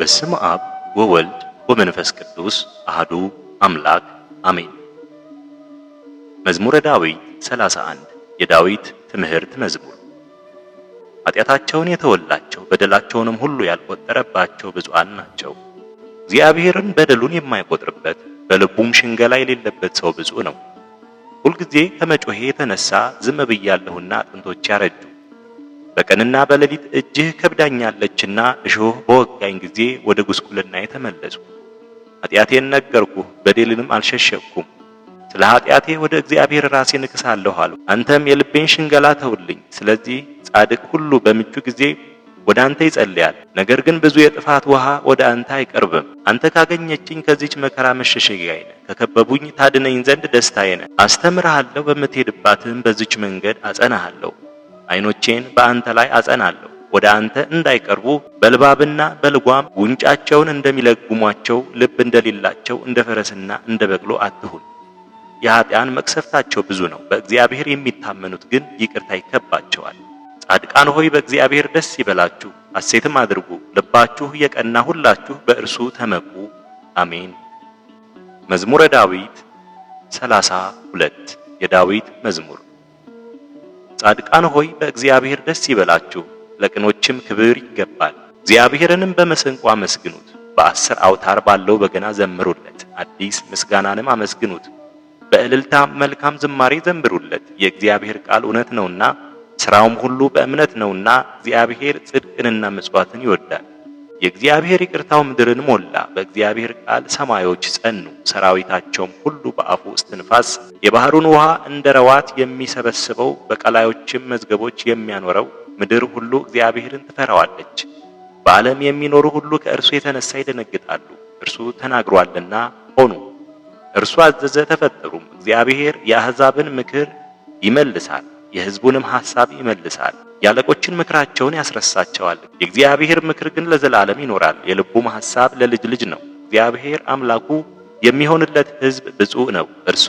በስም አብ ወወልድ ወመንፈስ ቅዱስ አህዱ አምላክ አሜን። መዝሙረ ዳዊት 31 የዳዊት ትምህርት መዝሙር። ኃጢአታቸውን የተወላቸው በደላቸውንም ሁሉ ያልቆጠረባቸው ብፁዓን ናቸው። እግዚአብሔርን በደሉን የማይቆጥርበት በልቡም ሽንገላ የሌለበት ሰው ብፁዕ ነው። ሁልጊዜ ከመጮሄ የተነሳ ዝም ብያለሁና አጥንቶች ያረጁ በቀንና በሌሊት እጅህ ከብዳኛለችና እሾህ በወጋኝ ጊዜ ወደ ጉስቁልና የተመለሱ ኃጢአቴን ነገርኩ፣ በደልንም አልሸሸኩም። ስለ ኃጢአቴ ወደ እግዚአብሔር ራሴን ንክሳለሁ አለ። አንተም የልቤን ሽንገላ ተውልኝ። ስለዚህ ጻድቅ ሁሉ በምቹ ጊዜ ወደ አንተ ይጸልያል፣ ነገር ግን ብዙ የጥፋት ውሃ ወደ አንተ አይቀርብም። አንተ ካገኘችኝ ከዚች መከራ መሸሸጊያዬ ነህ፣ ከከበቡኝ ታድነኝ ዘንድ ደስታዬ ነህ። አስተምርሃለሁ፣ በምትሄድባትም በዚች መንገድ አጸናሃለሁ። ዓይኖቼን በአንተ ላይ አጸናለሁ። ወደ አንተ እንዳይቀርቡ በልባብና በልጓም ጉንጫቸውን እንደሚለጉሟቸው ልብ እንደሌላቸው እንደ ፈረስና እንደ በቅሎ አትሁን። የኃጢአን መቅሰፍታቸው ብዙ ነው፣ በእግዚአብሔር የሚታመኑት ግን ይቅርታ ይከባቸዋል። ጻድቃን ሆይ በእግዚአብሔር ደስ ይበላችሁ፣ አሴትም አድርጉ። ልባችሁ የቀና ሁላችሁ በእርሱ ተመኩ። አሜን። መዝሙረ ዳዊት 32 የዳዊት መዝሙር ጻድቃን ሆይ በእግዚአብሔር ደስ ይበላችሁ፣ ለቅኖችም ክብር ይገባል። እግዚአብሔርንም በመሰንቆ አመስግኑት፣ በአስር አውታር ባለው በገና ዘምሩለት፣ አዲስ ምስጋናንም አመስግኑት። በእልልታ መልካም ዝማሬ ዘምሩለት፣ የእግዚአብሔር ቃል እውነት ነውና ስራውም ሁሉ በእምነት ነውና። እግዚአብሔር ጽድቅንና ምጽዋትን ይወዳል። የእግዚአብሔር ይቅርታው ምድርን ሞላ። በእግዚአብሔር ቃል ሰማዮች ጸኑ፣ ሰራዊታቸውም ሁሉ በአፉ እስትንፋስ። የባህሩን ውሃ እንደ ረዋት የሚሰበስበው በቀላዮችም መዝገቦች የሚያኖረው ምድር ሁሉ እግዚአብሔርን ትፈራዋለች። በዓለም የሚኖሩ ሁሉ ከእርሱ የተነሳ ይደነግጣሉ። እርሱ ተናግሯልና ሆኑ፣ እርሱ አዘዘ ተፈጠሩም። እግዚአብሔር የአሕዛብን ምክር ይመልሳል። የሕዝቡንም ሐሳብ ይመልሳል። ያለቆችን ምክራቸውን ያስረሳቸዋል። የእግዚአብሔር ምክር ግን ለዘላለም ይኖራል። የልቡም ሐሳብ ለልጅ ልጅ ነው። እግዚአብሔር አምላኩ የሚሆንለት ሕዝብ ብፁዕ ነው። እርሱ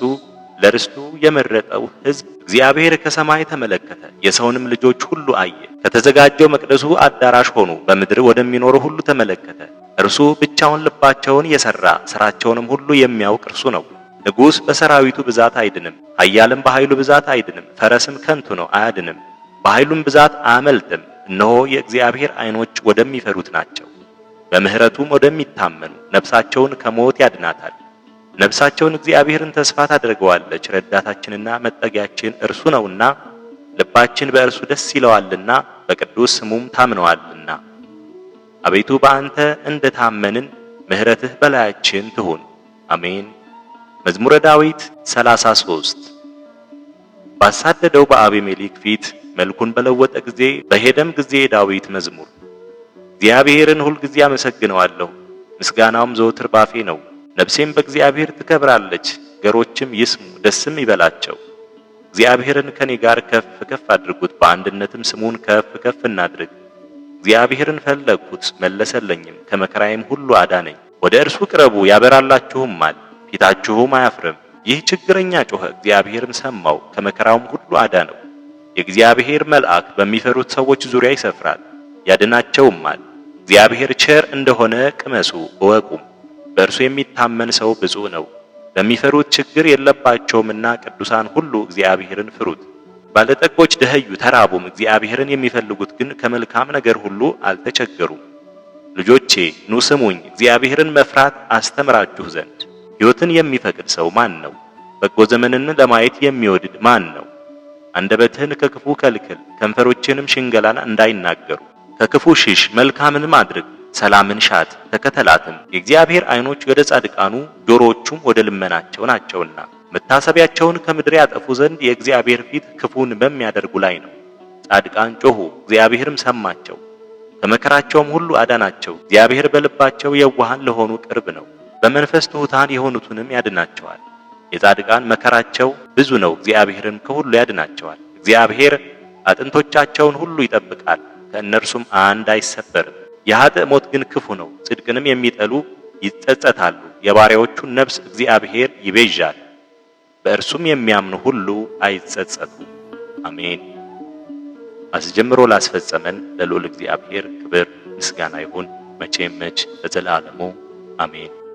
ለርስቱ የመረጠው ሕዝብ። እግዚአብሔር ከሰማይ ተመለከተ፣ የሰውንም ልጆች ሁሉ አየ። ከተዘጋጀው መቅደሱ አዳራሽ ሆኑ፣ በምድር ወደሚኖሩ ሁሉ ተመለከተ። እርሱ ብቻውን ልባቸውን የሰራ ስራቸውንም ሁሉ የሚያውቅ እርሱ ነው። ንጉሥ በሰራዊቱ ብዛት አይድንም፣ ኃያልም በኃይሉ ብዛት አይድንም። ፈረስም ከንቱ ነው አያድንም፣ በኃይሉም ብዛት አያመልጥም። እነሆ የእግዚአብሔር ዓይኖች ወደሚፈሩት ናቸው፣ በምሕረቱም ወደሚታመኑ ነፍሳቸውን ከሞት ያድናታል። ነፍሳቸውን እግዚአብሔርን ተስፋ ታደርገዋለች። ረዳታችንና መጠጊያችን እርሱ ነውና ልባችን በእርሱ ደስ ይለዋልና በቅዱስ ስሙም ታምነዋልና። አቤቱ በአንተ እንደታመንን ምህረትህ ምሕረትህ በላያችን ትሁን። አሜን። መዝሙረ ዳዊት 33 ባሳደደው በአቤሜሌክ ፊት መልኩን በለወጠ ጊዜ በሄደም ጊዜ ዳዊት መዝሙር። እግዚአብሔርን ሁልጊዜ አመሰግነዋለሁ፣ ምስጋናውም ዘወትር ባፌ ነው። ነፍሴም በእግዚአብሔር ትከብራለች፣ ገሮችም ይስሙ ደስም ይበላቸው። እግዚአብሔርን ከኔ ጋር ከፍ ከፍ አድርጉት፣ በአንድነትም ስሙን ከፍ ከፍ እናድርግ። እግዚአብሔርን ፈለግሁት መለሰለኝም፣ ከመከራዬም ሁሉ አዳነኝ። ወደ እርሱ ቅረቡ ያበራላችሁማል ፊታችሁም አያፍርም። ይህ ችግረኛ ጮኸ፣ እግዚአብሔርም ሰማው፣ ከመከራውም ሁሉ አዳነው። የእግዚአብሔር መልአክ በሚፈሩት ሰዎች ዙሪያ ይሰፍራል፣ ያድናቸውማል። እግዚአብሔር ቸር እንደሆነ ቅመሱ እወቁም። በእርሱ የሚታመን ሰው ብፁዕ ነው። በሚፈሩት ችግር የለባቸውምና ቅዱሳን ሁሉ እግዚአብሔርን ፍሩት። ባለጠጎች ደኸዩ ተራቡም፣ እግዚአብሔርን የሚፈልጉት ግን ከመልካም ነገር ሁሉ አልተቸገሩም። ልጆቼ ኑ ስሙኝ፣ እግዚአብሔርን መፍራት አስተምራችሁ ዘንድ ሕይወትን የሚፈቅድ ሰው ማን ነው? በጎ ዘመንን ለማየት የሚወድድ ማን ነው? አንደበትህን ከክፉ ከልክል፣ ከንፈሮችንም ሽንገላን እንዳይናገሩ። ከክፉ ሽሽ፣ መልካምን ማድረግ፣ ሰላምን ሻት ተከተላትም። የእግዚአብሔር ዓይኖች ወደ ጻድቃኑ ጆሮዎቹም ወደ ልመናቸው ናቸውና መታሰቢያቸውን ከምድር ያጠፉ ዘንድ የእግዚአብሔር ፊት ክፉን በሚያደርጉ ላይ ነው። ጻድቃን ጮኹ፣ እግዚአብሔርም ሰማቸው፣ ከመከራቸውም ሁሉ አዳናቸው። እግዚአብሔር በልባቸው የዋሃን ለሆኑ ቅርብ ነው። በመንፈስ ትሑታን የሆኑትንም ያድናቸዋል። የጻድቃን መከራቸው ብዙ ነው፣ እግዚአብሔርም ከሁሉ ያድናቸዋል። እግዚአብሔር አጥንቶቻቸውን ሁሉ ይጠብቃል፣ ከእነርሱም አንድ አይሰበርም። የኃጥእ ሞት ግን ክፉ ነው፣ ጽድቅንም የሚጠሉ ይጸጸታሉ። የባሪያዎቹን ነፍስ እግዚአብሔር ይቤዣል፣ በእርሱም የሚያምኑ ሁሉ አይጸጸቱም። አሜን። አስጀምሮ ላስፈጸመን ለልዑል እግዚአብሔር ክብር ምስጋና ይሁን መቼም መች ለዘላለሙ አሜን።